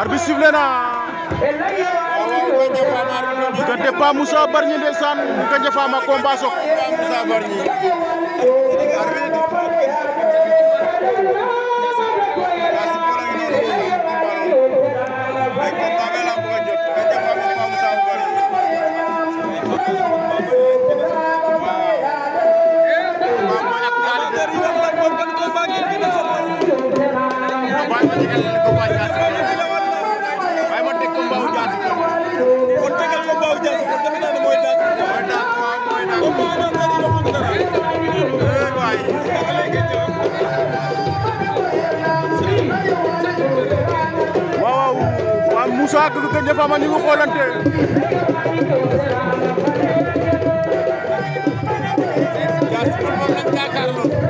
arbitre sifflé na diggante Pa Moussa Bargny ndeysaan diggante Fama combat sok Moussa Bargny Moussa ak Louga Ndiaye Fama ñu ngi xoolante Dia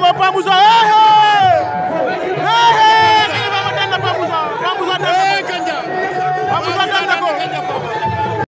palmas, vamos a erro!